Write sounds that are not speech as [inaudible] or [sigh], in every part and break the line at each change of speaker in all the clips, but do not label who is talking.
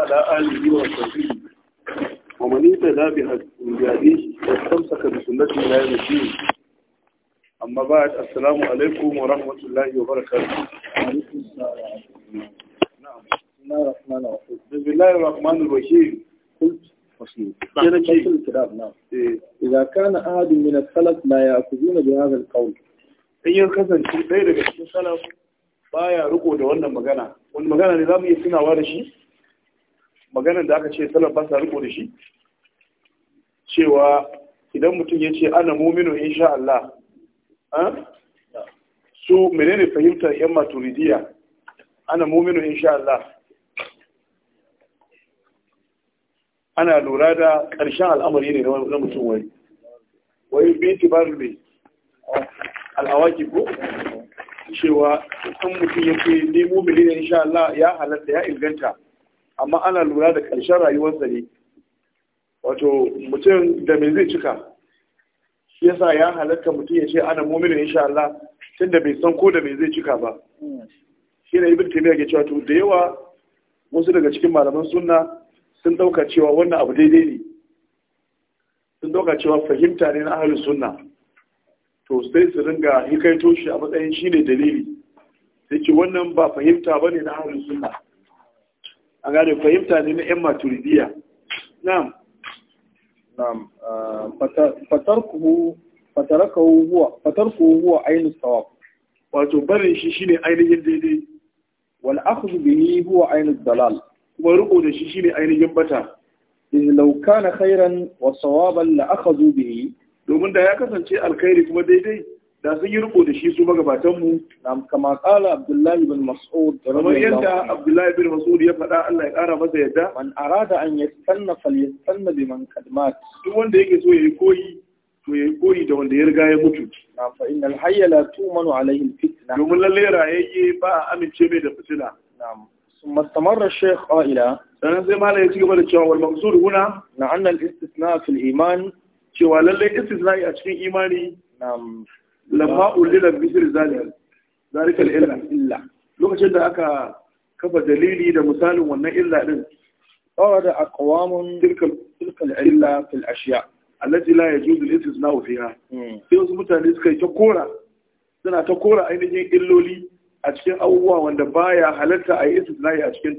وعلى آله وصحبه ومن اهتدى بهديه واستمسك بسنته لا يوم الدين أما بعد السلام عليكم ورحمة الله وبركاته نعم بسم الله الرحمن الرحيم إذا كان أحد من الخلق ما يأخذون بهذا القول إن يكسن شيء الخلق السلف baya riko da wannan magana wani magana ne za mu iya tunawa da shi maganar da aka ce salaf ba sa riko da shi cewa idan mutum ya ce ana muminu insha Allah ah? su menene fahimtar yan maturidiya ana muminu insha Allah ana lura da ƙarshen al'amari ne na mutum wai wai binti baru ne al'awaki ko cewa sun mutum ya ce ni mumini insha Allah ya halatta ya inganta amma ana lura da ƙarshen rayuwarsa ne wato mutum da me zai cika shi yasa ya halatta mutum ya ce ana muminin insha Allah tunda bai san ko da me zai cika ba shi ne ibn taymiya ke cewa to da yawa wasu daga cikin malaman sunna sun dauka cewa wannan abu daidai ne sun dauka cewa fahimta ne na ahlus sunna to sai su ringa hikaito shi a matsayin shine dalili sai ce wannan ba fahimta bane na ahlus sunna a gane fahimta ne na 'yan maturidiya na'am na'am ah, fatarkuhu huwa ainihin tsawon. wato barin shi shine ainihin daidai wal akhdhu bihi huwa ainihin dalal kuma riko da shi shine ainihin bata in lauka na khairan wa sawaban la zube bihi domin da ya kasance alkhairi kuma daidai da sun yi riko da shi su mu. magabatanmu kama kala abdullahi bin mas'ud kamar yadda abdullahi bin mas'ud ya faɗa Allah ya ƙara masa yadda man arada an yastanna falyastanna biman kadmat duk wanda yake so yayi koyi to yayi koyi da wanda ya riga ya mutu na fa innal hayya la tumanu alaihi fitna domin lalle rayayye ba a amince mai da fitina na'am ثم استمر الشيخ قائلا sannan sai malai ya ci gaba da cewa wal maqsur huna na annal istisna fil iman cewa lalle istisna a cikin imani
na'am lamma ulila
bishir zalim zalikal illa lokacin da aka kafa dalili da misalin wannan illa din qawada aqwamun tilkal tilkal illa fil ashiya allati la yajuzu al-istisna'u fiha hmm. sai wasu mutane suka yi ta suna ta kora ainihin illoli a cikin abubuwa wanda baya halatta a yi istisna'i a cikin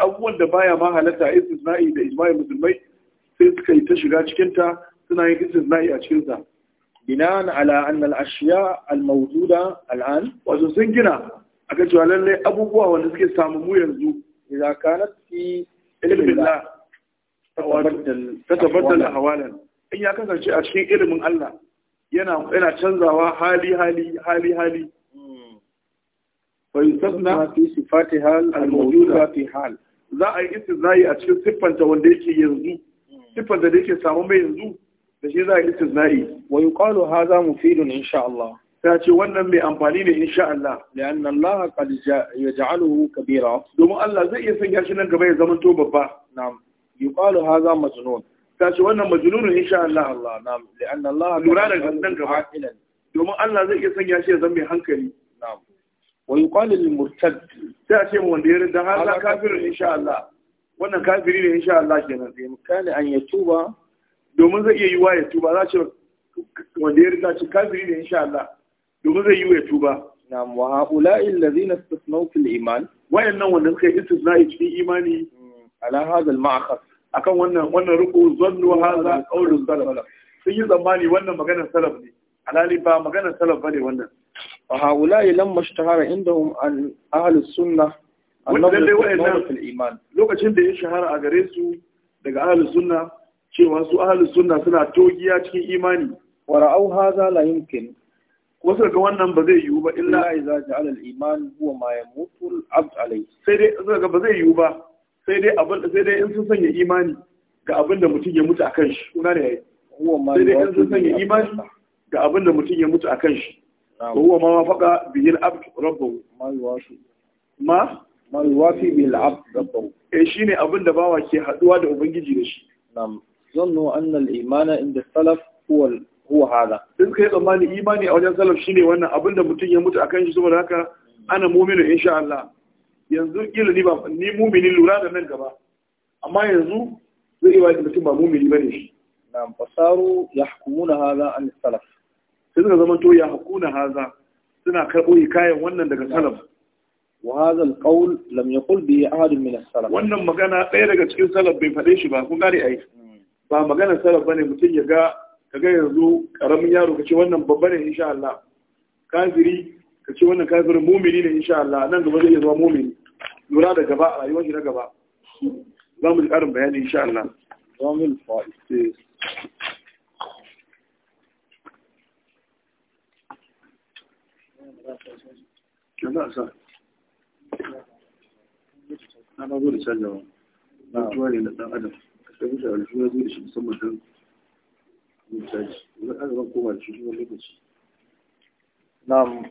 abubuwan da baya ma halatta a yi istisna'i da ijma'il musulmai sai suka yi ta shiga cikin suna yin istisna'i a cikin binan ala an al'ashiya al-mawjuda al'an wato sun gina akan cewa lalle abubuwa wanda suke samu mu yanzu idan kanat fi ilmin Allah ta tabaddala hawalan in ya kasance a cikin ilimin Allah yana canzawa hali hali hali hali fa yusabna fi Hal al-mawjuda fi hal za a yi za a yi a cikin siffanta wanda yake yanzu siffanta da yake samu mai yanzu da shi za a istisna'i wa yuqalu mu filin, insha Allah ta ce wannan mai amfani ne insha Allah lianna Allah qad yaj'aluhu kabira domin Allah zai iya sanya shi nan gaba ya zama to babba na'am yuqalu hadha majnun ta ce wannan majnun insha Allah Allah na'am lianna Allah lura da nan gaba domin Allah zai iya sanya shi ya zama mai hankali na'am wa yuqalu lil murtad ta ce wanda ya rinda hadha kafirun insha Allah wannan kafiri ne insha Allah kenan sai mukani an tuba? domin zai iya yiwa ya tuba za ce wanda ya rida ce kafiri da insha Allah domin zai yiwa ya tuba na'am wa haula'i allazina istisnau fil iman wayannan wanda suka yi istisna'i cikin imani hmm, ala hadha al ma'akhas akan wannan wannan ruku zannu hadha qawlu salaf sun yi tsammani wannan maganar salaf ne alali ba maganar salaf bane wannan wa haula'i lamma ishtahara indahum an ahli sunnah
annabi wayannan
lokacin da ya shahara a gare su daga ahli sunnah cewa su ahlus sunna suna togiya cikin imani wa ra'au hadha la yumkin wasu ga wannan ba zai yiwu ba illa iza ja'ala al-iman huwa ma yamutu al-abd alayhi sai dai suka ga ba zai yiwu ba sai dai abin sai dai in sun sanya imani ga abin da mutum ya mutu akan shi kuna ne sai dai in sun sanya imani ga abin da mutum ya mutu akan shi huwa ma wafaqa bihi al-abd rabbahu ma yuwafi ma ma yuwafi bihi al-abd rabbahu eh shine abin da bawa ke haduwa da ubangiji da shi na'am zannu anna al-iman inda salaf huwa huwa hada sun kai tsammani imani a wajen salaf shine wannan abinda mutum ya mutu akan shi saboda haka ana mu'minu insha Allah yanzu kila ni ba ni mu'mini lura da nan gaba amma yanzu zai iya wani mutum ba mu'mini bane shi na'am fasaru yahkumuna hada an salaf sai suka zama to ya yahkuna hadha suna karɓo hikayen wannan daga salaf وهذا القول لم يقل به أحد من Salaf. wannan magana ɗaya daga cikin salaf bai faɗe shi ba kun gane ayi. ba maganar salaf bane mutum ya ga kaga yanzu karamin yaro Ka ce wannan babba ne insha Allah kafiri ka ce wannan kafirin mumini ne insha Allah nan gaba zai iya zama mumini lura da gaba a rayuwar shi na gaba za mu karin bayani insha Allah zamil fa'is
Yana sa. Na ba zo da canjawa. Na tuwa ne na ɗan adam. sai mutu aljihu ya zo da an koma da shi lokaci
na'am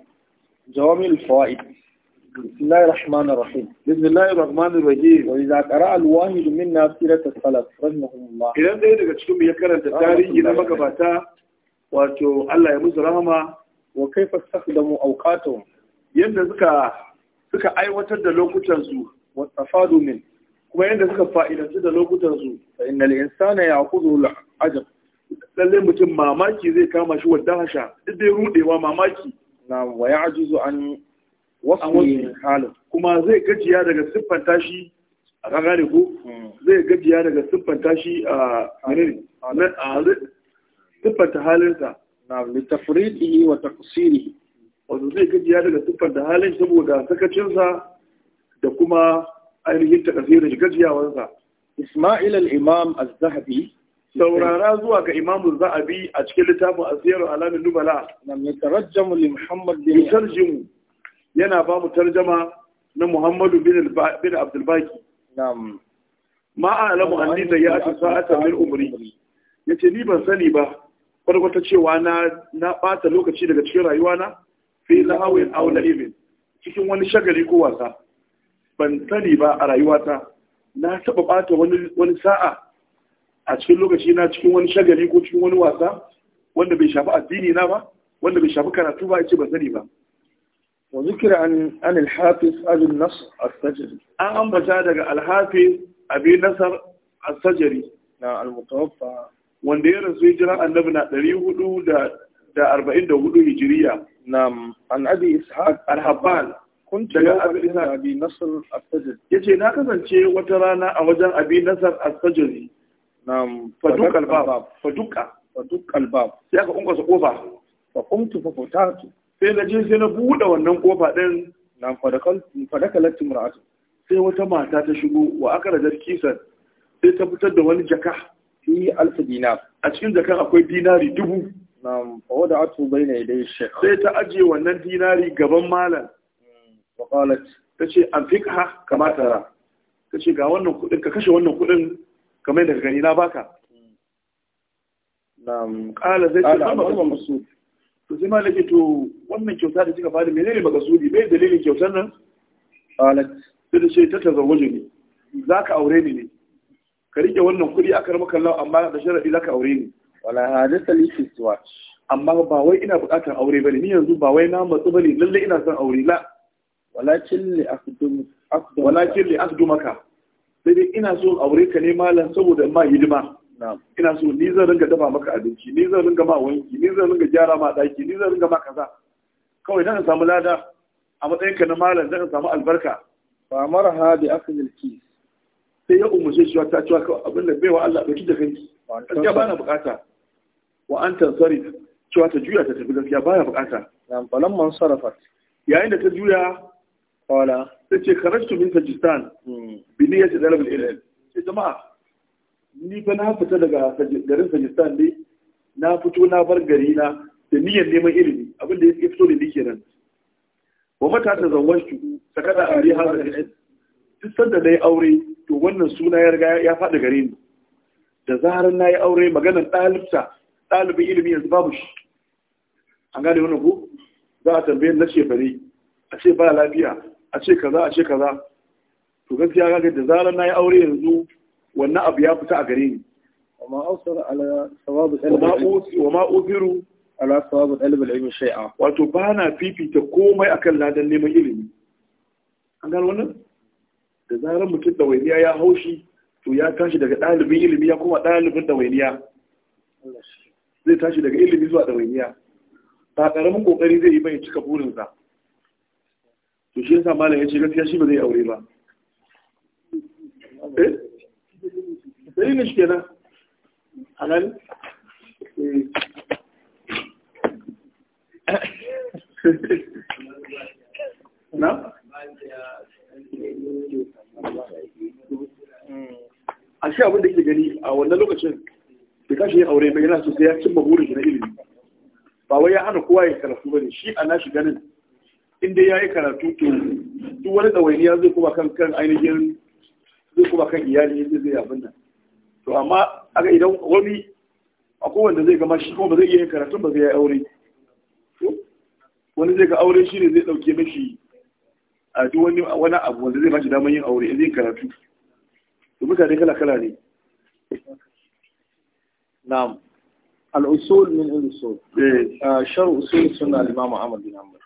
بسم الله الرحمن الرحيم وإذا قرأ الواحد الله daga cikin mu ya karanta tarihi na magabata wato Allah ya musu rahama wa kaifa istakhdamu awqatuhum yanda suka suka aiwatar da lokutan su wa tafadu min kuma yadda suka fa’idansu da lokutan su inna innal insana Kudu al ajin lalle mutum mamaki zai kama shi wadda hasha duk ya rudewa mamaki na wa ya'juzu an wasu halin kuma zai gajiya daga siffanta shi a kagare ko hmm. zai gajiya daga siffanta shi a siffanta halinsa na litafridihi wa taqsirihi wato zai gajiya daga siffanta halin saboda sakacinsa da kuma ainihin takasirin gajiyawansa Ismail al-Imam al zahabi saurara zuwa ga Imam al zahabi a cikin littafin Asiyar Alamin Nubala nam yatarajjamu li Muhammad bin tarjimu yana ba mu tarjama na Muhammadu bin bin Abdul Baqi nam ma a'lamu anni sayyatu sa'atan min umri yace ni ban sani ba farko cewa na na bata lokaci daga cikin rayuwana fi lahawin aw la'ibin cikin wani shagali ko wasa ban sani ba a rayuwata na taɓa ɓata wani sa'a a cikin lokaci na cikin wani shagali ko cikin wani wasa wanda bai shafi addini na ba wanda bai shafi karatu ba ce ban sani ba wa zikra an an al-hafiz nasr as-sajri an ambata daga al abin abi nasr as-sajri na al-mutawaffa wanda ya rasu hijira annabi na 400 da da 44 hijiriya na an abi ishaq al-habban kuntu daga abi nasar astajir yace na kasance wata rana a wajen abi nasar astajiri na faduk albab faduka faduk albab sai aka kunkusa kofa fa kuntu fa futatu sai na je sai na buɗe wannan kofa din na fadakal fadakalat imra'atu sai wata mata ta shigo wa aka rajar kisan sai ta fitar da wani jaka fi alf dinar a cikin jakan akwai dinari dubu
na fa wada'atu bayna yaday
shaykh sai ta ajiye wannan dinari gaban malam faqalat tace anfiqha kama tara tace ga wannan kudin ka kashe wannan kudin kamar yadda gani na baka na'am qala zai ce amma kuma masud to sai malaki to wannan kyauta da kika bada menene makasudi bai dalilin kyautar nan qalat sai da ce ta tazawwaje ne zaka aure ni ne ka rike wannan kudi aka maka Allah amma da sharadi zaka aure ni wala hadasa li fi amma ba wai ina bukatar aure bane ni yanzu ba wai na matsu ne, lalle ina son aure la walakin li akdumaka sai dai ina so aure ka ne malam saboda ma hidima ina so ni zan ringa dafa maka abinci ni zan ringa ma wanki ni zan ringa gyara ma daki ni zan ringa ma kaza kawai dan samu lada a matsayin ka na malam dan samu albarka fa marha bi akhdhil kis sai ya umarce shi ta cewa ka abin da baiwa Allah dauki da kanki
gaskiya ba na
bukata wa anta tansarif cewa ta juya ta tafi gaskiya baya bukata nan falan man sarafat yayin da ta juya Kola. Sai ce karashtu min Tajistan
hmm. bi
niyyar ta dalibul ilm. Sai jama'a ni fa na fita daga garin Tajistan ne na fito na bar gari na da niyyar neman ilimi abin da ya fito ne ni kenan. Wa mata ta zawwashtu sakata ari da ilm. Duk sanda na yi aure to wannan suna ya riga ya faɗi gare ni. Da zarar na yi aure maganar ɗalibta ɗalibin ilimi yanzu babu shi. An gane wani ko? Za a tambaye na shefare. a ce ba lafiya a ce kaza a ce kaza to gaskiya ga da zarar na yi aure yanzu wannan abu ya fita a gare ni
Wa أوصل على ثواب
وما أوثر على ثواب wato ba na fifita komai akan ladan neman ilimi an gano wannan da zarar mutum dawainiya ya haushi to ya tashi daga ɗalibin ilimi ya kuma ɗalibin dawainiya zai tashi daga ilimi zuwa dawainiya ba ƙaramin ƙoƙari zai yi bai cika burinsa to shi yasa malam ya ce gaskiya shi ba zai aure ba
eh a eh. [laughs] na
a shi abin da ke gani a wannan lokacin da kashi ya aure mai yana sosai ya cimma burin shi na ilimi ba wai ya hana kowa ya karatu ba ne shi ana shiga ganin in dai yi karatu to duk wani dawainiya zai kuma kan kan ainihin zai kuma kan iyali zai zai abin nan to amma aga idan wani akwai wanda zai gama shi kuma ba zai iya karatu ba zai yi aure wani zai ga aure shi ne zai dauke mashi a duk wani wani abu wanda zai bashi damar yin aure zai karatu to mutane kala kala ne na'am al-usul min al-usul eh ah, shar usul sunna al-imam Ahmad bin Hanbal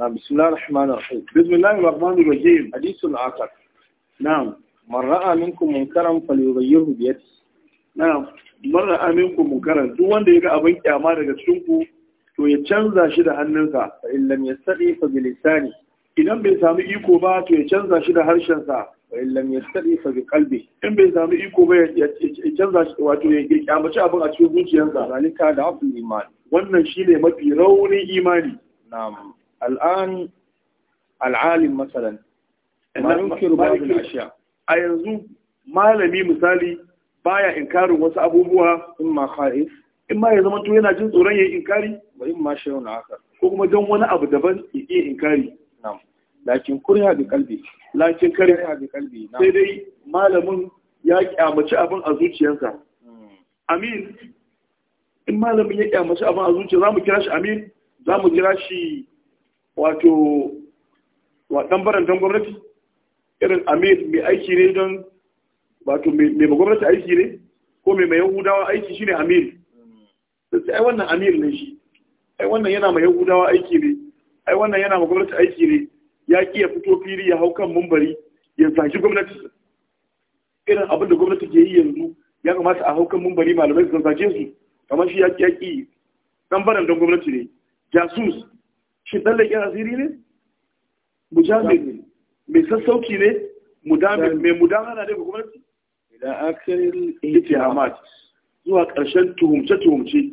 na بسم الله الرحمن الرحيم بسم الله الرحمن الرحيم حديث آخر نعم من رأى منكم منكرا فليغيره بيده نعم من رأى duk wanda yaga abin kyama daga cikin ku to ya canza shi da hannunsa fa in lam yastati fa bi lisani idan bai samu iko ba to ya canza shi da harshen sa fa in lam yastati fa bi qalbi in bai samu iko ba ya canza shi wato ya kyamaci abin a cikin zuciyarsa zalika da abdul iman wannan shine mafi raunin imani na'am al'an al'alim a yanzu malami misali baya inkarin wasu abubuwa in ma in ma ya zama to yana jin tsoron yayin inkari in ma ko kuma don wani abu daban ya iya inkari na'am lakin kuriha bi qalbi lakin sai dai malamin ya kyamaci abin a zuciyarsa amin in malamin ya kyamaci abin a zuciya za mu kira shi amin za mu kira shi wato waɗan barantan gwamnati irin amir mai aiki ne don wato mai ma gwamnati aiki ne ko mai mai yahudawa aiki shi ne amir sai ai wannan amir ne shi ai wannan yana mai yahudawa aiki ne ai wannan yana ma gwamnati aiki ne ya ki ya fito fili ya hau kan mumbari ya saki gwamnati irin abin da gwamnati ke yi yanzu ya kamata a hau kan mumbari malamai su zage su kamar shi ya ki ya ki dan barantan gwamnati ne jasus shi ɗan leƙen asiri ne mujamil ne mai sassauki ne mudamil mai mudahana ne ga gwamnati ila akirin itihamat zuwa ƙarshen tuhumce-tuhumce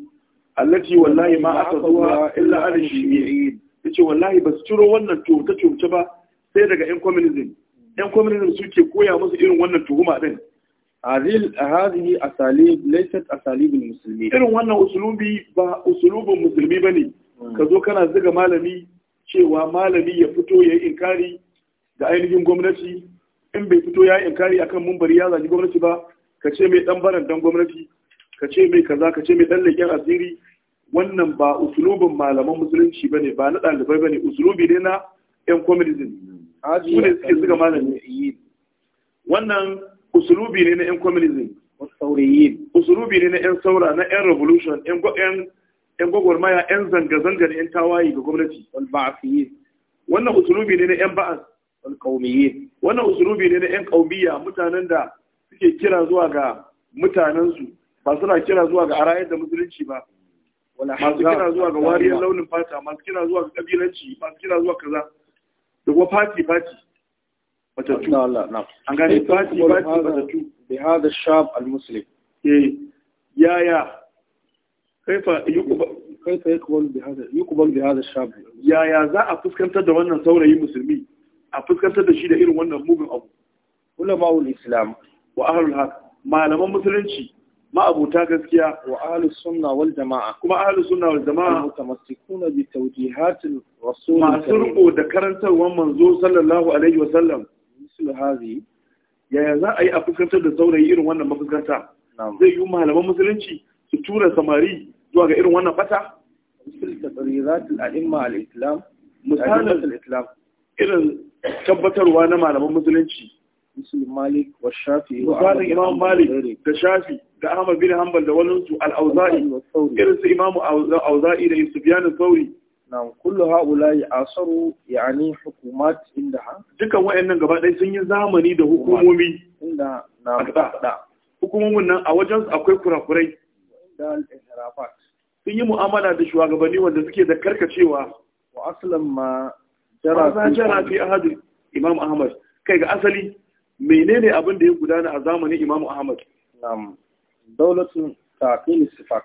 allaci wallahi ma aka zuwa illa ne, ya ce wallahi ba su ciro wannan tuhumce-tuhumce ba sai daga yan communism yan communism suke koya musu irin wannan tuhuma din azil hadhihi asalib a salibin Musulmi. irin wannan usulubi ba usulubin musulmi ba ne. ka zo kana zuga malami cewa malami ya fito ya yi inkari da ainihin gwamnati in bai fito ya yi inkari akan mumbari ya zagi gwamnati ba ka ce mai dan baran dan gwamnati ka ce mai kaza ka ce mai dan leƙen asiri wannan ba usulubin malaman musulunci bane ba na ɗalibai bane usulubi ne na yan communism su ne suke zuga malami wannan usulubi ne na yan communism usulubi ne na yan saura na yan revolution yan 'yan gwagwarmaya 'yan zanga-zanga da 'yan tawaye ga gwamnati walba'afiye wannan usulubi ne na 'yan ba'as walƙaumiye wannan usulubi ne na 'yan ƙaumiya mutanen da suke kira zuwa ga mutanensu ba suna kira zuwa ga arayar da musulunci ba masu kira zuwa ga wariyar launin fata masu kira zuwa ga ƙabilanci masu kira zuwa kaza da kuma fati fati batattu an gane fati fati batattu bi hada shab al-muslim eh, yaya kaifa yuqbal bi hadha shab yaya za a fuskantar da wannan saurayi musulmi a fuskantar da shi da irin wannan mugun abu ulama'ul islam wa ahlul haq malaman musulunci ma'abuta gaskiya wa ahlus sunna wal jama'a kuma ahlus sunna wal jama'a mutamassikuna bi tawjihatil rasul masu riko da karantarwar manzo sallallahu alaihi wa sallam mislu hadhi yaya za a yi a fuskantar da saurayi irin wannan mafuskanta zai yi malaman musulunci su tura samari zuwa ga irin wannan bata silka tsariratul a'imma al-islam misalin islam irin tabbatarwa na malaman musulunci muslim malik wa shafi misalin imam malik da shafi da ahmad bin hanbal da wani su al-auza'i irin su imam auza'i da sufyan sauri nan kullu haula ya'asaru yani hukumat indaha dukan wayannan gaba ɗaya sun yi zamani da hukumomi inda na hukumomin nan a wajen akwai kurakurai dal inhirafat sun yi mu'amala da shugabanni wanda suke da karkacewa wa aslan ma jara za jara fi ahad imam ahmad kai ga asali menene abin da ya gudana a zamanin imam ahmad na'am dawlatun taqil sifat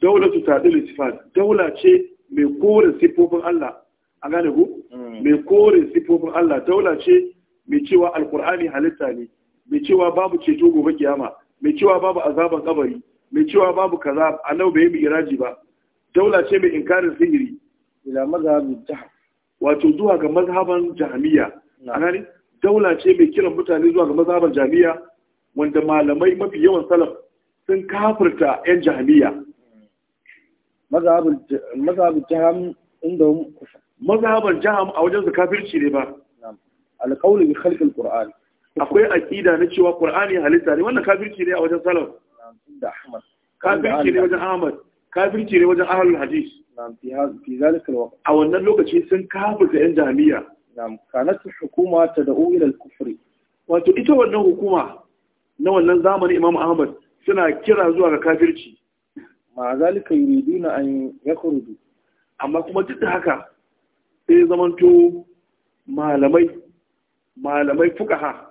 dawlatu taqil sifat daula ce mai kore sifofin Allah a gane ku hmm. mai kore sifofin Allah daula ce mai cewa alqur'ani halitta ne mai cewa babu ceto gobe kiyama mai cewa babu azaban kabari mai cewa babu kaza a nau bai yi iraji ba daula ce mai inkarin sihiri ila mazhabin jahm wato zuwa ga mazhaban jahmiya anani daula ce mai kiran mutane zuwa ga mazhaban jahamiya wanda malamai mafi yawan salaf sun kafirta yan jahamiya mazhabin jaham inda mazhaban jaham a wajen su kafirci ne ba alqawli bi khalqi akwai aqida na cewa qur'ani halitta ne wannan kafirci ne a wajen salaf
kafirci ne
wajen Ahmad kafirci ne wajen ahlul hadis a wannan lokaci sun kafirta yan jami'a na'am kanat hukuma tad'u ila al-kufr wato ita wannan hukuma na wannan zamanin Imam Ahmad suna kira zuwa ga kafirci ma zalika yuriduna an yakhruju amma kuma duk da haka sai zamanto malamai malamai fukaha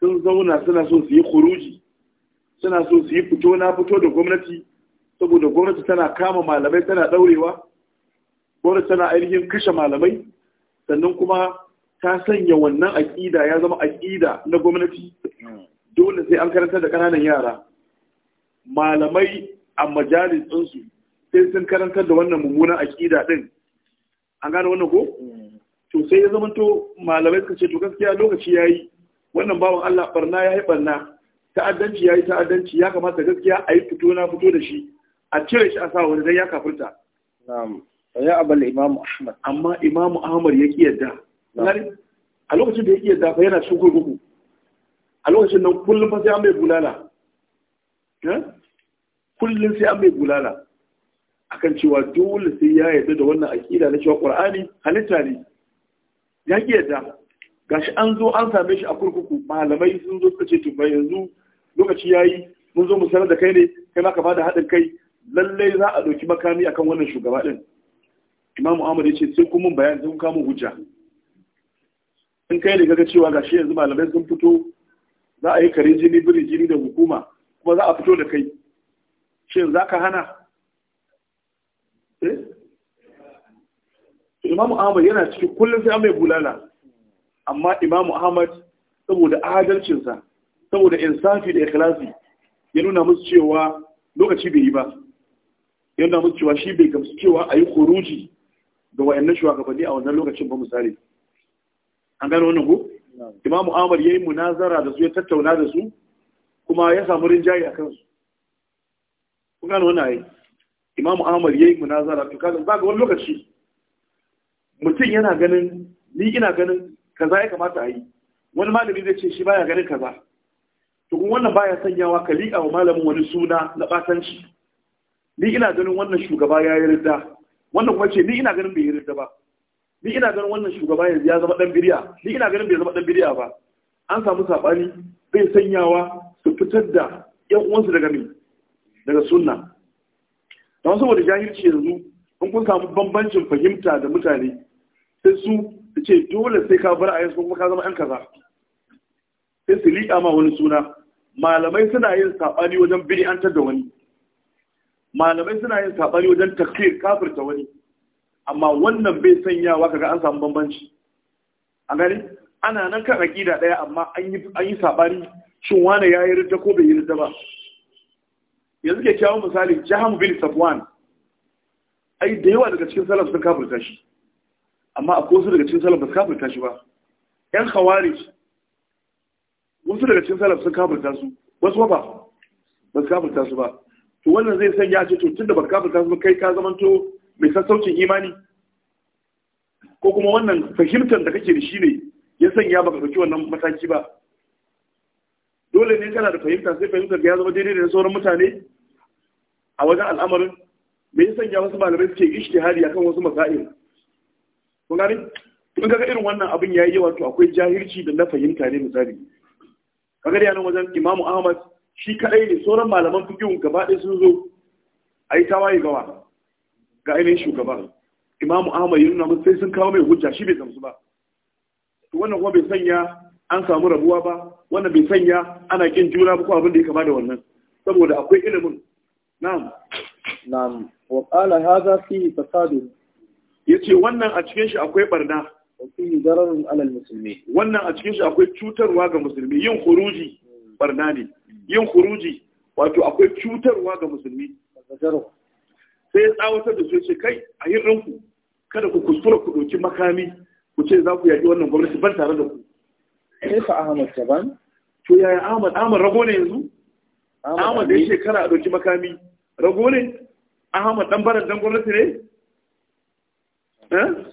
sun zauna suna so su yi khuruji suna so su yi fito na fito da gwamnati saboda gwamnati tana kama malamai tana daurewa gwamnati tana ainihin kashe malamai sannan kuma ta sanya wannan aƙida ya zama aƙida na gwamnati dole sai an karanta da ƙananan yara malamai a majalis ɗinsu sai sun karanta da wannan mummunan aƙida ɗin an gane wannan ko to sai ya zama to malamai suka ce to gaskiya lokaci ya yi wannan bawan allah barna ya yi barna ta'addanci ya yi ta'addanci ya kamata gaskiya a yi fito na fito da shi a cire shi a sa wani zai ya kafirta ya abal imamu ahmad amma imamu ahmad ya kiyarda a lokacin da ya kiyarda fa yana cikin kurkuku a lokacin nan kullum fa sai an bai bulala kullum sai an bai bulala akan cewa dole sai ya yarda da wannan aƙida na cewa Ƙur'ani halitta ne ya kiyarda gashi an zo an same shi a kurkuku malamai sun zo suka ce to yanzu lokaci ya yi mun zo mu sanar da kai ne kai ma ka bada haɗin kai lallai za a ɗauki makami akan wannan shugaba ɗin imamu ahmad ya ce sai kun mun bayani sai kun kamo hujja in kai ne kaga cewa gashi yanzu malamai sun fito za a yi kare jini biri jini da hukuma kuma za a fito da kai shin za ka hana eh? imamu ahmad yana cikin kullum sai an mai bulala amma imamu ahmad saboda adalcinsa saboda insafi da ikhlasi ya nuna musu cewa lokaci bai yi ba ya nuna musu cewa shi bai gamsu cewa a yi kuruji ga wayannan shugabanni a wannan lokacin ba misali an gano wannan ko imamu amar ya yi munazara da su ya tattauna da su kuma ya samu rinjaye a kansu kun gano wannan ayi imamu amar ya yi munazara to kaga za ga wani lokaci mutum yana ganin ni ina ganin kaza ya kamata a yi wani malami zai ce shi baya ganin kaza to kuma wannan baya sanyawa ka liƙa wa malamin wani suna na batanci ni ina ganin wannan shugaba ya yi ridda wannan kuma ce ni ina ganin bai yi ridda ba ni ina ganin wannan shugaba yanzu ya zama dan biriya ni ina ganin bai zama dan biriya ba an samu sabani bai sanyawa su fitar da yan uwansu daga me daga sunna wasu saboda jahilci yanzu in kun samu bambancin fahimta da mutane sai su ce dole sai ka bar a yanzu kuma ka zama yan kaza sai su liƙa ma wani suna malamai suna yin saɓani wajen bid'antar da wani malamai suna yin saɓani wajen takfir kafirta wani amma wannan bai sanyawa kaga an samu bambanci a gani ana nan kan aƙida ɗaya amma an yi saɓani shin wane ya yi ridda ko bai yi ridda ba yanzu ke kyawun misali jaham bin safwan ai da yawa daga cikin salaf sun kafirta shi amma akwai wasu daga cikin salaf ba su kafirta shi ba yan khawarij wasu daga cikin salaf sun kafirta su wasu ba ba su kafirta su ba to wannan zai sanya ce to tunda baka kafirta su kai ka zamanto mai sassaucin imani ko kuma wannan fahimtar da kake da shi ne ya sanya baka dauki wannan mataki ba dole ne kana da fahimta sai fahimtar ya zama daidai da sauran mutane a wajen al'amarin me ya sanya wasu malamai suke ishtihari akan wasu masail kun gani kun ga irin wannan abin yayi yawa to akwai jahilci da na fahimta ne misali kaga da yanan wajen imamu ahmad shi kadai ne sauran malaman fiqhun gaba ɗaya sun zo a yi tawaye gawa ga ainihin shugaban. imamu ahmad ya nuna sai sun kawo mai hujja shi bai zamsu ba wannan kuma bai sanya an samu rabuwa ba wannan bai sanya ana kin juna ba ko abin da ya kama da wannan saboda akwai ilimin na'am na'am wa qala hadha fi fasadun yace wannan a cikin shi akwai barna fi dararun alal musulmi wannan a cikin shi akwai cutarwa ga musulmi yin khuruji barna ne yin khuruji wato akwai cutarwa ga musulmi sai ya tsawatar da su ce kai a yin ranku kada ku kuskura ku ɗauki makami ku ce za ku yaƙi wannan gwamnati ban tare da ku sai fa ahmad jaban to yaya ahmad ahmad rago ne yanzu ahmad da yake a ɗauki makami rago ne ahmad dan barar dan gwamnati ne eh?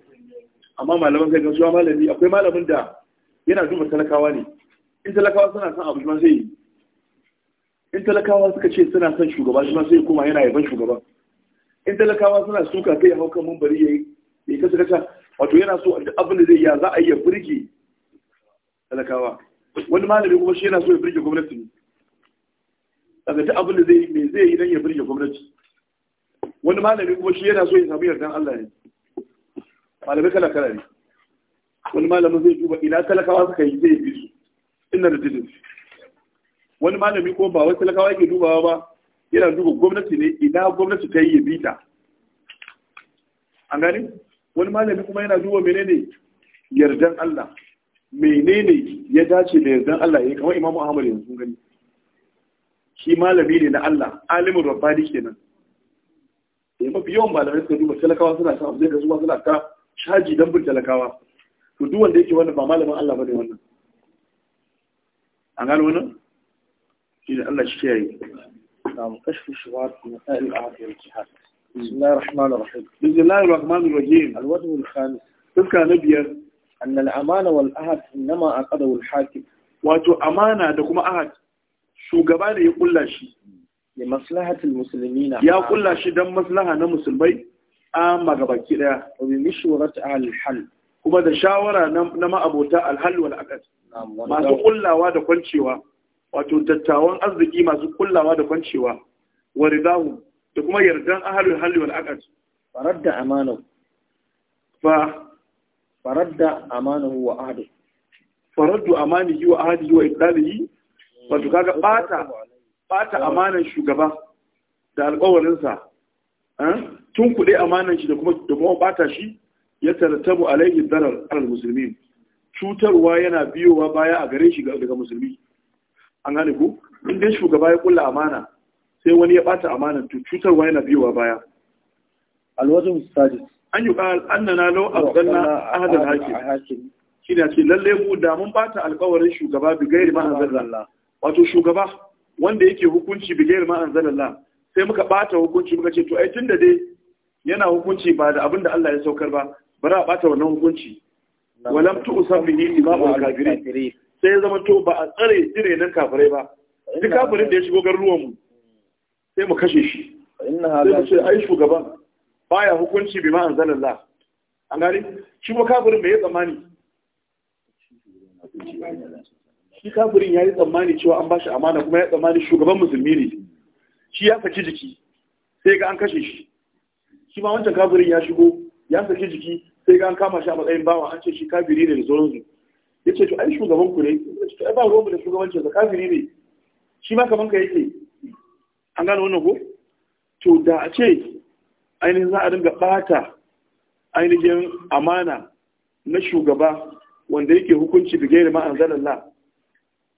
amma malaman kai gamsuwa malami akwai malamin da yana duba talakawa ne in talakawa suna son abu shi ma zai yi in talakawa suka ce suna son shugaba shi ma sai kuma yana yaban shugaba in talakawa suna suka kai kan mumbari yayi ya kasa kasa wato yana so duk abin da zai ya za a iya burge talakawa wani malami kuma shi yana so ya burge gwamnati ne daga ta abin da zai me zai yi don ya burge gwamnati wani malami kuma shi yana so ya samu yardan Allah ne malamai kala kala ne wani malamin zai duba ina talakawa suka yi zai bisu? ina da didin wani malami ko ba wani talakawa yake dubawa ba yana duba gwamnati ne ina gwamnati ta yi ya bi ta an gani wani malami kuma yana duba menene yardan Allah menene ya dace da yardan Allah ya eh, kamar Imam Ahmad yanzu gani shi malami ne na Allah alimin rabbani kenan eh mafi yawan malamai suka duba talakawa suna sa zai ga zuwa suna ta caji don bin talakawa to duk wanda yake wannan ba malamin Allah ne wannan an gano wannan shi ne Allah shi ke yi samu kashfi shuwar masail al-afiya al-jihad بسم الله rahim الرحيم بسم الله الرحمن na biyar. الخامس amana نبيا Ahad الأمانة والأهد a أقضه الحاكم wato amana da kuma ahad shugaba ne ya kulla shi
ya maslahatul muslimina
ya kulla shi dan maslaha na musulmai amma ga baki daya wa bi mishwarat al hal kuma da shawara na ma'abota al-hal wal aqd masu kullawa da kwancewa wato tattawan arziki masu kullawa da kwancewa wa ridahu da kuma yardan ahlul hal wal aqd faradda amanu fa faradda amanu wa ahdu faraddu amanihi wa ahdihi wa iqdalihi wato kaga mm. bata bata amanan shugaba da alƙawarin sa. Eh? tun kuɗe amanan shi da kuma da kuma bata shi ya tartabu alaihi darar al musulmi cutarwa yana biyowa baya a gare shi daga musulmi an gane ku in dai shugaba ya kulla amana sai wani ya bata amanan to cutarwa yana biyowa baya alwajin sajid an yi ƙal annana lau abdalla ahadar hakim shi da ce lalle mu da mun bata alƙawarin shugaba bi gairi ma'anzalallah wato shugaba wanda yake hukunci bi gairi ma'anzalallah sai muka bata hukunci muka ce to ai tunda dai yana hukunci ba da abin da Allah ya saukar ba za a bata wannan hukunci walam ni imamu al kafirin sai zama to ba a tsare dire nan kafirai ba duk kafirin da ya shigo garuruwan mu sai mu kashe shi sai mu ce ai shugaban baya hukunci bi ma anzalallah an gani shi ko kafirin bai tsammani shi kafirin ya yi tsammani cewa an bashi amana kuma ya tsammani shugaban musulmi ne shi ya saki jiki sai ga an kashe shi shi ma wancan kafirin ya shigo ya saki jiki sai ga an kama shi a matsayin bawa an ce shi kafiri ne da su. ya ce to ai shugaban ku ne to ai ba mu da shugabancin sa kafiri ne shi ma kaman ka yake an gane wannan ko to da a ce ainihin za a dinga bata ainihin amana na shugaba wanda yake hukunci da gairi ina anzalallah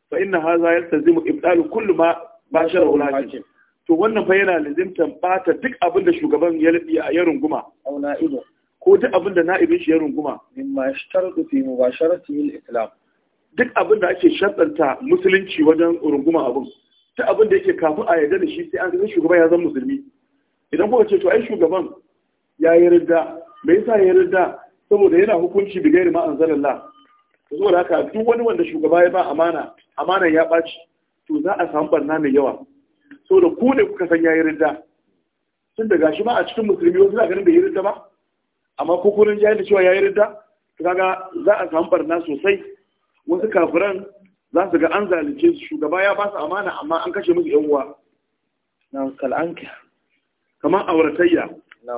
fa inna hadha yaltazimu ibdalu kullu ma bashara ul hakim to wannan fa yana lazimtan bata duk abin da shugaban ya lafi a yarin guma na'ibu ko duk abin da na'ibin shi ya runguma ma yashtaratu fi mubasharati al-islam duk abin da ake shartanta musulunci wajen runguma abin duk abin da yake kafin a yarda da shi sai an ga shugaban ya zama musulmi idan kuka ce to ai shugaban ya yi me yasa ya yarda? saboda yana hukunci bi gairi ma anzalallah saboda haka duk wani wanda shugaba ya ba amana amana ya baci to za a samu barna mai yawa so da ku ne kuka san yayi ridda tun da gashi ba a cikin musulmi wasu za ganin ya yi ridda ba amma ko kurin jahil da cewa yayi ridda to kaga za a samu barna sosai wasu kafiran za su ga an zalunce su shugaba ya ba su amana amma an kashe musu yan uwa na kal'anka kamar auratayya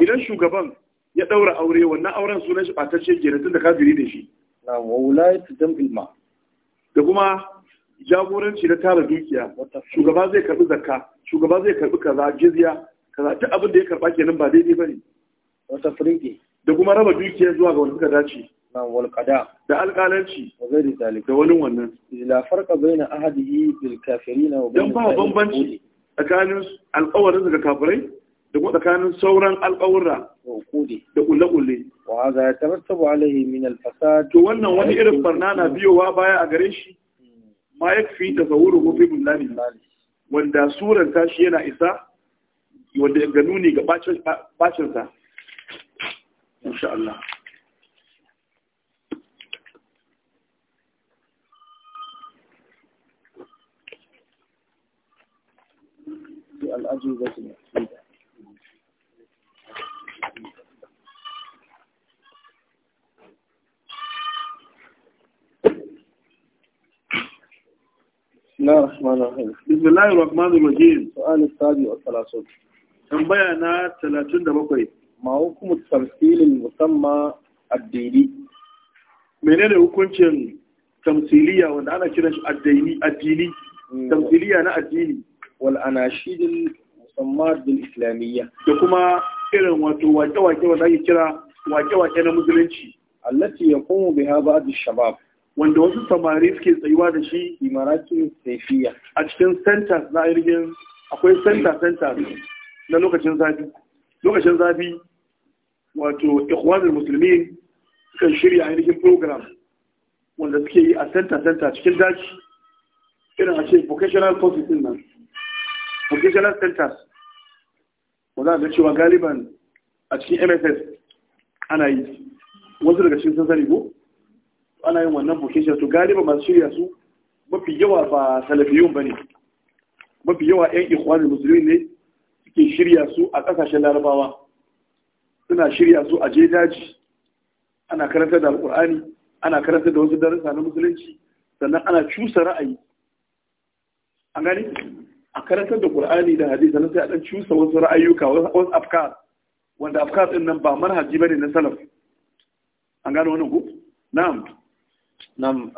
idan shugaban ya ɗaura aure wannan auren sunan shi batacce kenan tun da kafiri da shi na wa wulayatu jam'il ma da kuma jagoranci na tara dukiya shugaba zai karbi zakka shugaba zai karbi kaza jizya kaza duk abin da ya karba kenan ba daidai bane wata firge da kuma raba dukiya zuwa ga wanda suka dace na walqada da alqalanci wa ghairi zalika da wani wannan ila farqa
baina ahadihi bil kafirin wa dan ba
bambanci tsakanin alƙawarin daga kafirai da kuma tsakanin sauran alƙawarra da kulle-kulle. Wa za ya tarattabu alaihi min fasad To wannan wani irin barna na biyowa baya a gare shi ma ya fi ko fi bulani wanda suran tashi yana isa wanda ga nuni ga bacin sa insha Allah
الأجوبة
بسم الله الرحمن الرحيم tambaya na 37 ma hukumar tamsilin musamman addini menene hukuncin wanda ana addini hmm. na addini wal musamman islamiyya da kuma irin wato wake-wake wanda ake kira wake-wake na musulunci allati yaqumu biha shabab wanda wasu samari suke tsayuwa da shi imaratin saifiya a cikin center na irgin akwai center center na lokacin zafi lokacin zafi wato ikhwanul musulmi kan shirya ainihin program wanda suke yi a center center cikin daji irin a ce vocational courses din nan vocational centers wanda ga cewa galiban a cikin mss ana yi wasu daga cikin sun sani ko ana yin wannan vocation to galiba masu shirya su mafi yawa ba salafiyun ba ne mafi yawa 'yan ikhwanin musulmi ne suke shirya su a ƙasashen larabawa suna shirya su a je daji ana karanta da alƙur'ani ana karanta da wasu darussa na musulunci sannan ana cusa ra'ayi an gani a karantar da ƙur'ani da hadisi sannan sai a ɗan cusa wasu ra'ayuka wasu afkar wanda afkar ɗin nan ba marhaji ba ne na salaf an gano wani ku na'am نعم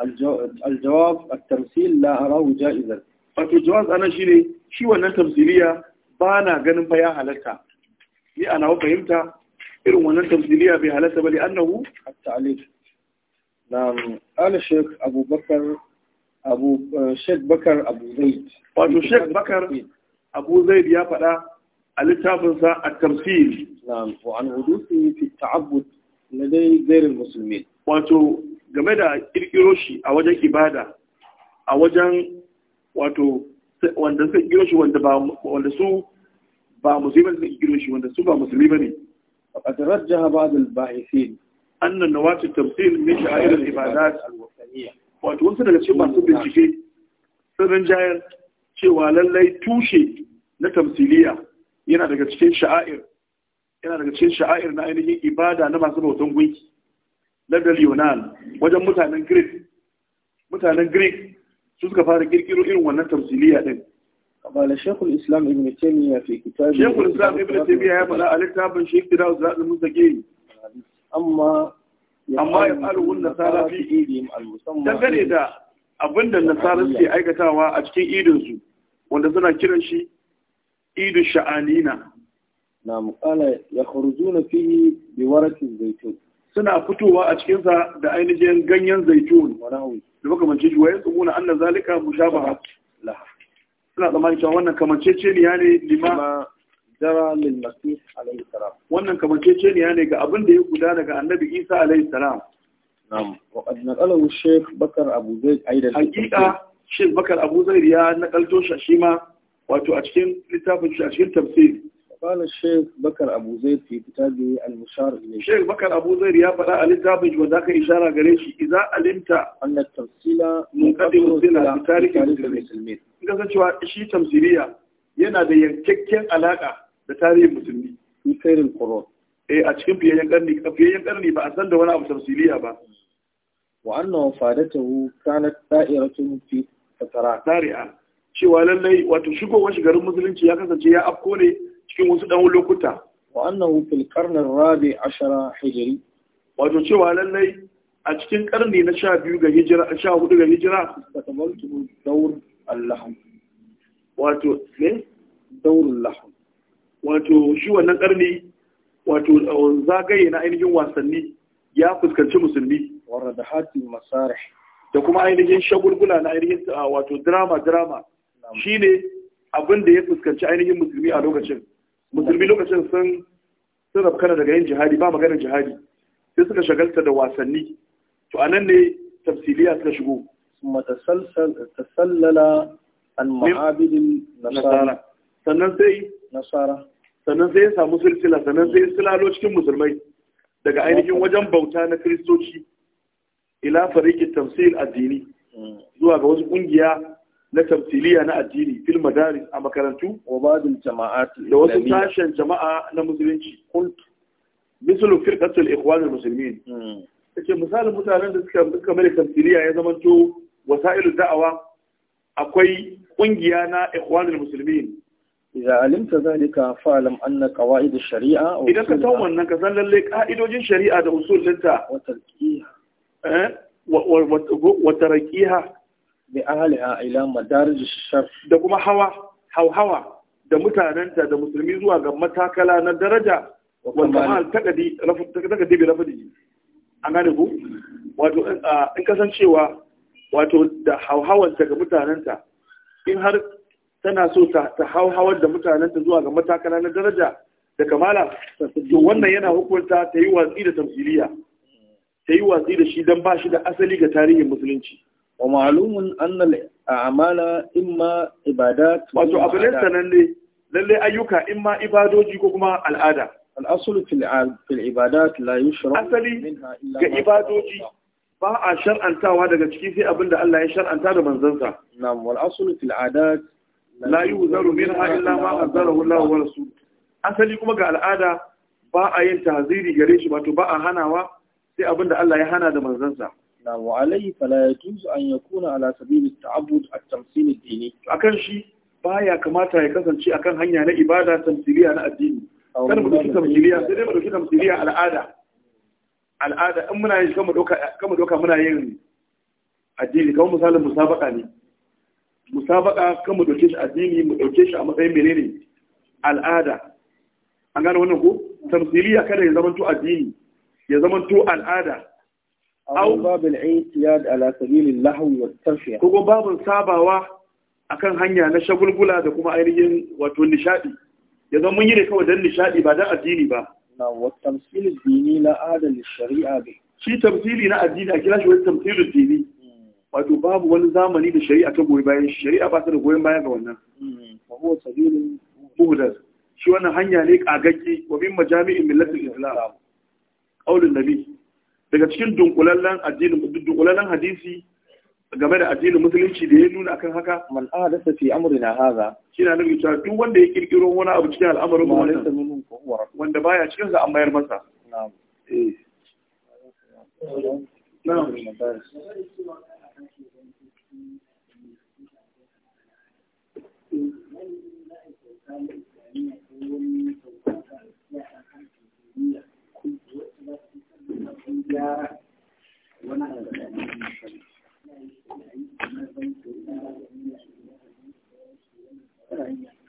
الجواب التمثيل لا أراه جائزا فكي جواز أنا شيني شي وانا تمثيلية بانا غنم بيا حالتا لي أنا هو فهمتا إرو وانا تمثيلية بيا حالتا بلي حتى عليك
نعم أنا الشيخ أبو بكر أبو
شيخ بكر أبو زيد فاتو شيخ بكر أبو زيد يا فلا الاتفاق التمثيل نعم وعن حدوثه في التعبد لدي غير المسلمين فاتو game da kirkiro shi a wajen ibada a wajen wato wanda suka kirkiro shi wanda ba su ba musulmi suka kirkiro shi wanda su ba musulmi bane faqad rajjaha ba'd al-bahisin anna na wata min sha'air al-ibadat
al-wataniyya
wato wasu daga cikin masu bincike sirrin jayar cewa lallai tushe na tamsiliya yana daga cikin sha'air yana daga cikin sha'air na ainihin ibada na masu bautan gunki lardar yunan wajen mutanen greek mutanen greek su suka fara kirkiro irin wannan tamsiliya din
قال شيخ الإسلام ابن تيمية في كتابه شيخ الإسلام ابن تيمية يقول على
كتاب شيخ كده وزاد المستقيم أما
أما يفعله النصارى في إيدهم
المسمى دا النصارى في wanda suna kiran shi idu sha'anina na mukala
ya kharujuna fihi bi waratin zaitun
suna fitowa a cikinsa da ainihin ganyen zaitun da makamancin shi wayan tsuguna an na zalika mushabaha suna tsammanin cewa wannan kamanceceniya ne lima jara lil masih alaihi salam wannan kamanceceniya ne ga abin da ya gudana ga annabi isa alaihi salam na'am wa qad naqalahu shaykh bakar abu zaid aidan Hakika shaykh bakar abu zaid ya nakalto shi ma wato a cikin littafin shi a cikin tafsir
قال الشيخ بكر ابو زيد في كتابه المشار إليه
الشيخ بكر ابو زيد يا فلا الكتاب وذاك إشارة قريش اذا علمت
ان التفصيل مقدم الزنا
بتارك المسلمين اذا سنشوى شيء تمثيليه ينا ده ينككين علاقه بتاريخ المسلمين في خير القرون إيه أتشكم في ينقرني في ينقرني بأسند وأنا أبو تمثيلية با
وأن وفادته كانت دائرة في
فترات دارئة شوى للي وتشكو وش garin musulunci ya kasance ya afko cikin wasu ɗan lokuta wa annahu fil rabi ashara hijiri wato cewa lallai a cikin karni na sha biyu ga hijira a sha hudu ga hijira da tabaltu daur Allah wato ne daur Allah wato shi wannan karni wato uh, zagaye na ainihin wasanni ya fuskanci musulmi da hati masarih da kuma ainihin shagulgula na ainihin uh, wato drama drama shine abin da ya fuskanci ainihin musulmi a lokacin musulmi lokacin sun sun rafkana daga yin jihadi ba maganin jihadi sai suka shagalta da wasanni to anan ne tafsiliya suka shigo matasallala an ma'abidin nasara sannan sai nasara sannan sai ya samu silsila sannan sai ya silalo cikin musulmai daga ainihin wajen bauta na kristoci ila fariki tamsil addini hmm. zuwa ga wasu kungiya na tamsiliya na addini fil madaris a makarantu wa badul jama'at da wasu tashin jama'a na musulunci kunt misalu firqatul ikhwan al muslimin take hmm. misalin mutanen da suka suka mai tamsiliya ya zamanto wasailu da'awa akwai kungiya na ikhwan al muslimin idza alimta zalika fa'lam anna qawaid al shari'a idan ka san wannan ka san lalle ka'idojin shari'a da usulinta wa tarqiha eh wa wa wa tarqiha bi ahliha ila madarij shar da kuma hawa hauhawa da mutanenta da musulmi zuwa ga matakala na daraja wa kamal takadi takadi bi rafidi an gane ku wato in kasancewa wato da hauhawar daga mutanenta in har tana so ta hauhawar da mutanenta zuwa ga matakala na daraja da kamala to wannan yana hukunta ta yi watsi da tamfiliya ta yi watsi da shi don ba shi da asali ga tarihin musulunci wa ma'lumun anna al-a'mala imma ibadat wato abu sananne lalle ayyuka imma ibadoji ko kuma al'ada al-aslu fil fil ibadat la yushra asali ga a daga ciki sai abinda Allah ya shar'anta da manzansa na'am wal aslu fil adat la yuzaru minha illa ma asali kuma ga al'ada ba a yin tahziri gare shi wato ba a hanawa sai abinda Allah ya hana da manzansa na wa alaihi fala yajuzu an yakuna ala sabili ta'abbud at-tamsil ad-dini akan shi baya kamata ya kasance akan hanya na ibada tamsiliya na addini kar mu tamsiliya sai dai mu tamsiliya al'ada al'ada in muna yin kama doka kama doka muna yin addini kamar misalin musabaka ne musabaka kan mu shi addini mu dauke shi a matsayin menene al'ada wannan kada ya ya zamanto al'ada أو باب الاعتياد على سبيل اللهو والترفيه كوكو باب ساباوة akan hanya na shagulgula da kuma ainihin wato nishadi ya zama mun yi ne kawai don nishadi ba don addini ba
na wa tamsil dini na adal shari'a
be shi tamsili na addini a kira shi wani tamsil dini wato babu wani zamani da shari'a ta goyi bayan shari'a ba ta da goyon baya ga wannan fa huwa sabilun muhdas shi wannan hanya ne kagagge wa min majami'in millatil islam qaulun nabi daga cikin dunkulallen addinin dunkulallen hadisi game da addinin musulunci da ya nuna akan haka man ahdatha fi amrina hadha kina nabi ta duk wanda ya kirkiro wani abu cikin al'amarin mu wanda baya cikin za a mayar masa na'am eh. na'am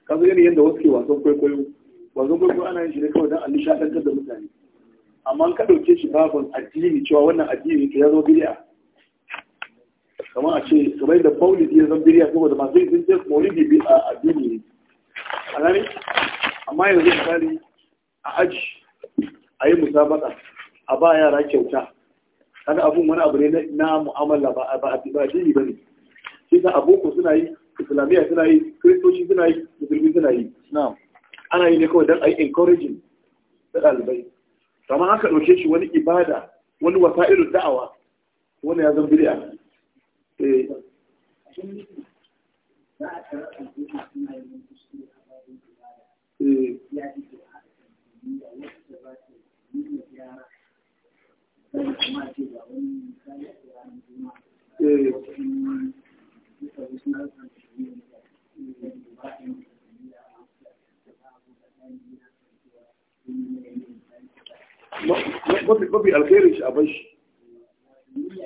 kasu yanayin yadda wasu ke wasan kwaikwayo Wasu kwaikwayo ana yin shi ne kawai don a nishaɗantar da mutane amma ka ɗauke shi babin addini cewa wannan addini ta ya biriya kamar a ce kamar yadda maulidi ya zan biriya saboda masu yin sun maulidi a addini ne a gani amma yanzu misali a aji a yi musabaka a ba yara kyauta kaga abun wani abu ne na mu'amala ba ba ba dini bane shi da aboko suna yi islamiya suna yi kristoci suna yi musulmi suna yi na'am ana yi ne kawai dan ai encouraging da dalibai amma aka dauke shi wani ibada wani wasa'ilu da'awa wani ya zama bid'a eh
ya eh. mafi alkhairin
shi a bai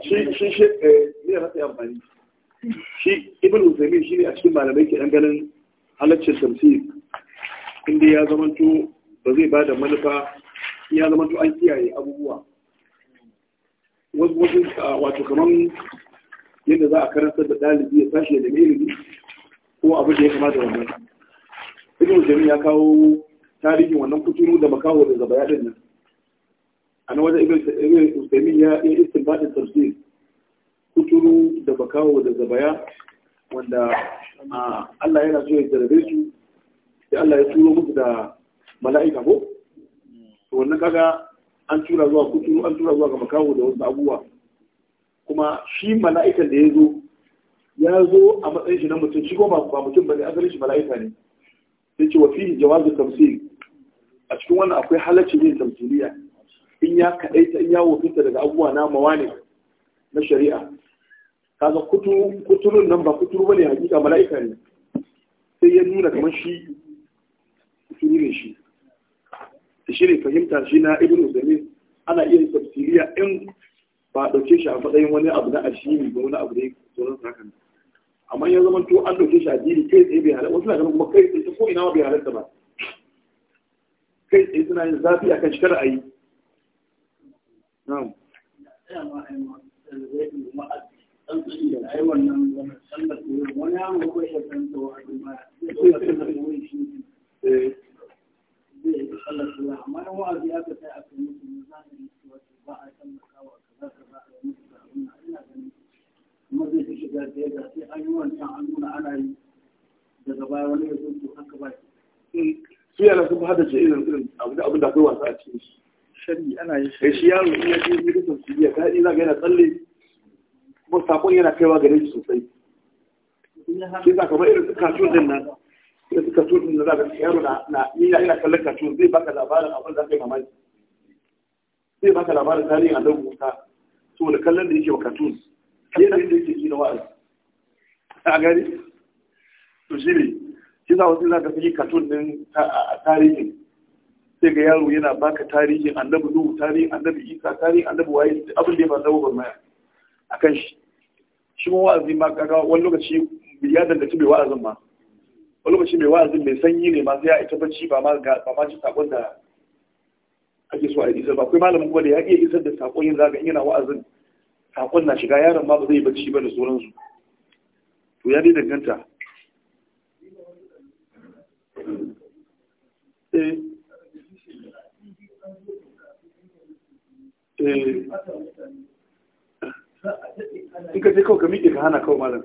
shi shi shi ne eh, rasa amfani shi ibn usaimin shi ne a cikin malamai ke ganin halaccin tamsir inda ya zamanto ba zai ba da manufa ya zamanto an kiyaye abubuwa wajen wato kamar yadda za a karanta da ɗalibi ya tashi da ilimi ko abin da ya kamata wanda. ibn jami ya kawo tarihin wannan kuturu da makaho da zabaya din nan a nan wajen ibn usaimi ya yi istinbatin tafsir kuturu da makaho da zabaya wanda Allah yana so ya jarabe su sai Allah ya turo musu da mala'ika ko wannan kaga an tura zuwa kuturu an tura zuwa ga makaho da wasu abubuwa kuma shi mala'ikan da ya zo
ya zo a
matsayin shi na mutum shi kuma ba mutum ne asalin shi mala'ika ne sai ce wa fihi jawazu tamsil a cikin wannan akwai halacci yin tamsiliya in ya kadaita in ya wofinta daga abubuwa na mawani na shari'a kaga kuturu, kuturun nan ba kuturu bane hakika mala'ika ne sai ya nuna kamar shi kuturu ne shi da shi fahimta shi na ibn uzamin ana iya tafsiriya in ba a ɗauke shi a matsayin wani abu na ashimi ba wani abu da ya sauran sakan amma ya zama to an ɗauke shi a dini kai tsaye bai halatta wasu na ganin kuma kai tsaye ko ina bai halatta ba kai tsaye suna yin zafi akan shi kada a yi na'am
Eh. zai yi sallar amma wa'azi aka kai za a yi cewa ba a a yi musu ina ganin da sai an an nuna ana yi wani haka ba su yana sun
hada ce irin abin da akwai wasa a cikin shi shari ana yi shi shi yaro in ya je ya su biya ta ina ga yana tsalle kuma sakon yana kaiwa gare shi sosai
shi irin su din nan
sai su kaso din da za ka yaro na na ina ina kallon kaso zai baka labarin abin da kai mamaki zai baka labarin tarihin annabi Musa saboda kallon da yake wa kaso sai da yake ji na wa'azi a gari to shi ne shi za wasu za ka yi katun din tarihin sai ga yaro yana baka tarihin annabi nuhu tarihin annabi isa tarihin annabi waye abin da ya faru ban a kan shi shi wa'azi ma kaga wani lokaci ya danganci bai wa'azin ma wani lokaci mai wa'azin mai sanyi ne ma sai ya ita bacci ba ma ba ji sakon da ake so a isar ba akwai malamin kuma da ya iya isar da sakon yin zaga yana wa'azin sakon na shiga yaron ma ba zai bacci ba da sauransu to ya dai danganta eh eh
in ka je kawai ka miƙe ka
hana kawai malam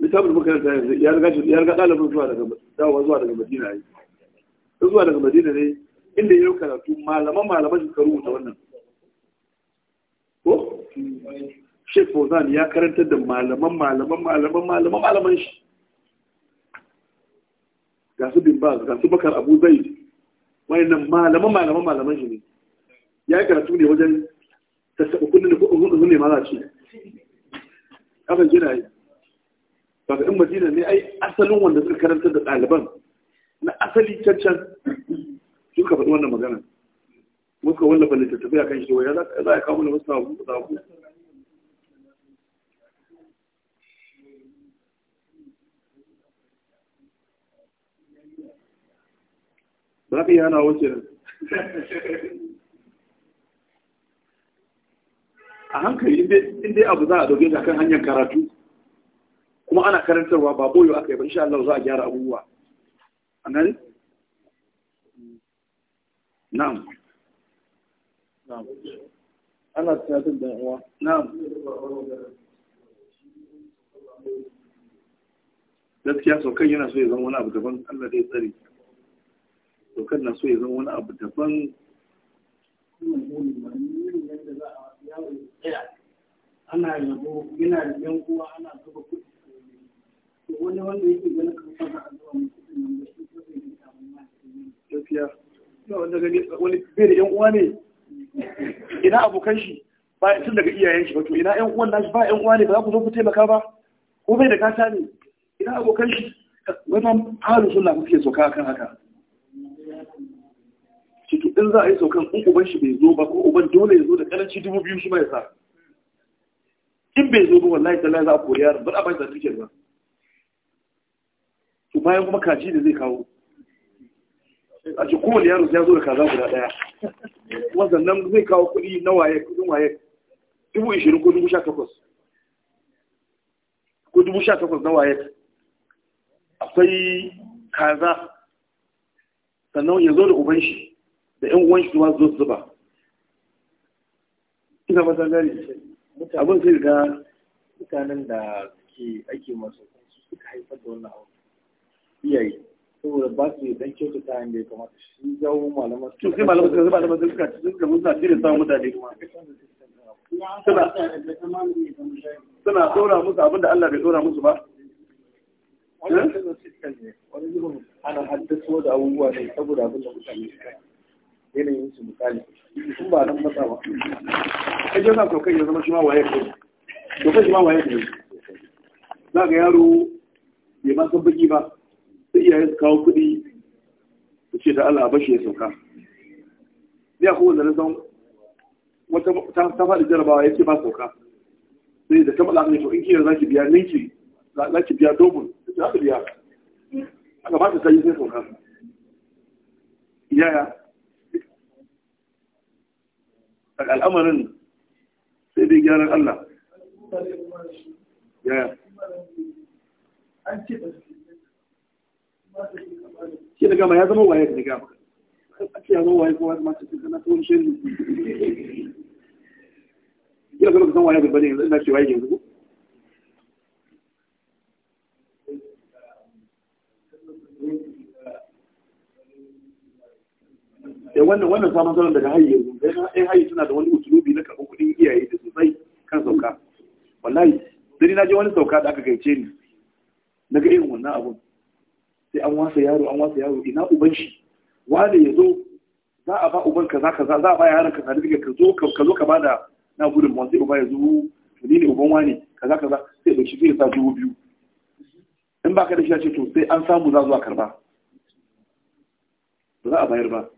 littafin makaranta yanzu ya riga ya riga ɗalibin zuwa daga dawowa zuwa daga madina ne zuwa daga madina ne inda ya yi karatu malaman malaman suka rubuta wannan ko Sheikh Fauzan ya karantar da malaman malaman malaman malaman malaman shi ga su bin baz ga su bakar abu zai wayannan malaman malaman malaman shi ne ya yi karatu ne wajen sassaɓa kundin da kuɗin hudu ne ma za a ce kafin gina yi Daga in Madina ne ai asalin wanda suka karanta da ɗaliban na asali cancan sun ka faɗi wannan magana. Muka wallafa littattafai tafiya kan shi waya za a kawo da wasu sabu sabu. Za ka iya hana wace nan. A hankali in dai abu za a ɗauke da kan hanyar karatu. kuma ana karantarwa ba boyo aka yi ba insha Allah za a gyara abubuwa anan na'am na'am ana tunatar da uwa na'am gaskiya saukan yana so ya zama wani abu daban Allah dai tsare saukan na
so ya zama wani abu daban ana yabo yana da yan uwa ana zuba kuɗi wani wanda yake ganin kamar ba a zuwa mutum nan ba shi ko zai yi kamar ma gaskiya
wanda gani wani bai da yan uwa ne ina abokan shi ba tun daga iyayen shi ba to ina yan uwan nashi ba yan uwa ne ba za ku zo ku taimaka ba ko bai da kata ne ina abokan shi wannan halu sunna kuke soka kan haka ciki din za a yi saukan in uban shi bai zo ba ko uban dole ya zo da karanci dubu biyu shi ma ya sa in bai zo ba wallahi tallahi za a kori yaron ba a bai ba bayan kuma kaji da zai kawo a ce kowane yaro ya zo da kaza guda daya kuma sannan zai kawo kudi na waye kudin waye dubu ishirin ko dubu sha takwas ko dubu sha takwas na waye akwai kaza sannan ya zo da uban shi da yan uwanshi shi kuma zo su zuba ina ba
gani abin sai ga mutanen da ake masu su suka haifar da wannan abu iyaye saboda ba su yi dan kyautata yadda ya kamata shi jawo malaman su sai malaman su malaman su suka ci suka mun cire samun mutane kuma
suna suna musu abinda Allah bai dora musu ba
eh? ana haddasa da abubuwa ne saboda abin da
mutane suka yanayin su misali sun ba nan matsa ba kai jasa saukai ya zama shi ma waye kai saukai shi ma waye kai za ka yaro bai ma san baki ba sai iya yin kawo kuɗi su ce da Allah bashi ya sauka ni a kowane na san wata ta faɗi jarabawa ya ce ba sauka sai da ta maɗa ne to in kiyar za ki biya ninki za ki biya dogon za ki biya aka ba ta ta yi sai sauka yaya al'amarin sai dai gyaran Allah yaya
an ce shi da gama ya zama waye da gama ake ya zama waye kuma ma cikin kana tsohon shi ne
yana kuma san waye gurbani yanzu ina ce waye yanzu
da eh,
wannan wannan samun salon daga hayi yanzu ɗan eh, hayi suna da wani usulubi na karɓar kuɗin iyaye da sosai kan sauka wallahi dani na je wani sauka da aka gaice ni na ga irin wannan abun sai an wasa yaro an wasa yaro ina uban shi wane ya zo za a ba uban kaza kaza za a ba yaron ka da ka zo ka zo ka bada na gudun mawa sai uba ya zo ni ne uban wane kaza kaza sai shi zai sa dubu biyu in ba ka da shi ce to sai an samu za zuwa karba ba za a bayar ba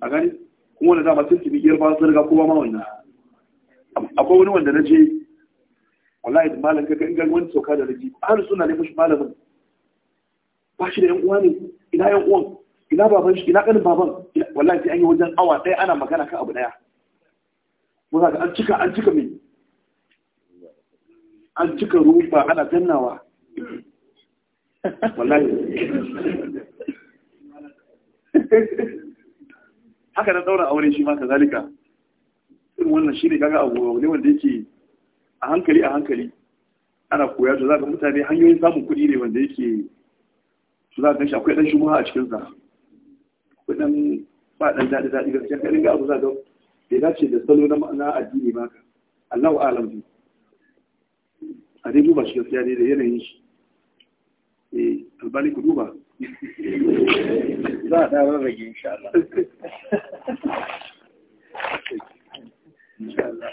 a gani kuma wanda za a sai sun 'yar yarbawa sun riga kowa ma wannan akwai wani wanda na je wallahi da malam kaga in ga wani sauka da raji ahlus sunna ne mushi malamin ba shi da yan uwa ne ina yan uwan ina baban shi ina kanin baban wallahi sai an yi wajen awa ɗaya ana magana kan abu ɗaya mun ga an cika an cika me an cika rufa ana tannawa. wallahi haka na daura aure shi ma kazalika irin wannan shi ne kaga abu ne wanda yake a hankali a hankali ana koya to zaka mutane hanyoyin samun kuɗi ne wanda yake to zaka ganshi akwai dan shumuha a cikin sa akwai dan ba dan dadi dadi a kai ga abu zaka bai dace da salo na a addini ba ka Allahu a'lam bi a dai duba shi gaskiya ne da yanayin shi eh albani ku duba za a dawo rage insha Allah [laughs] insha Allah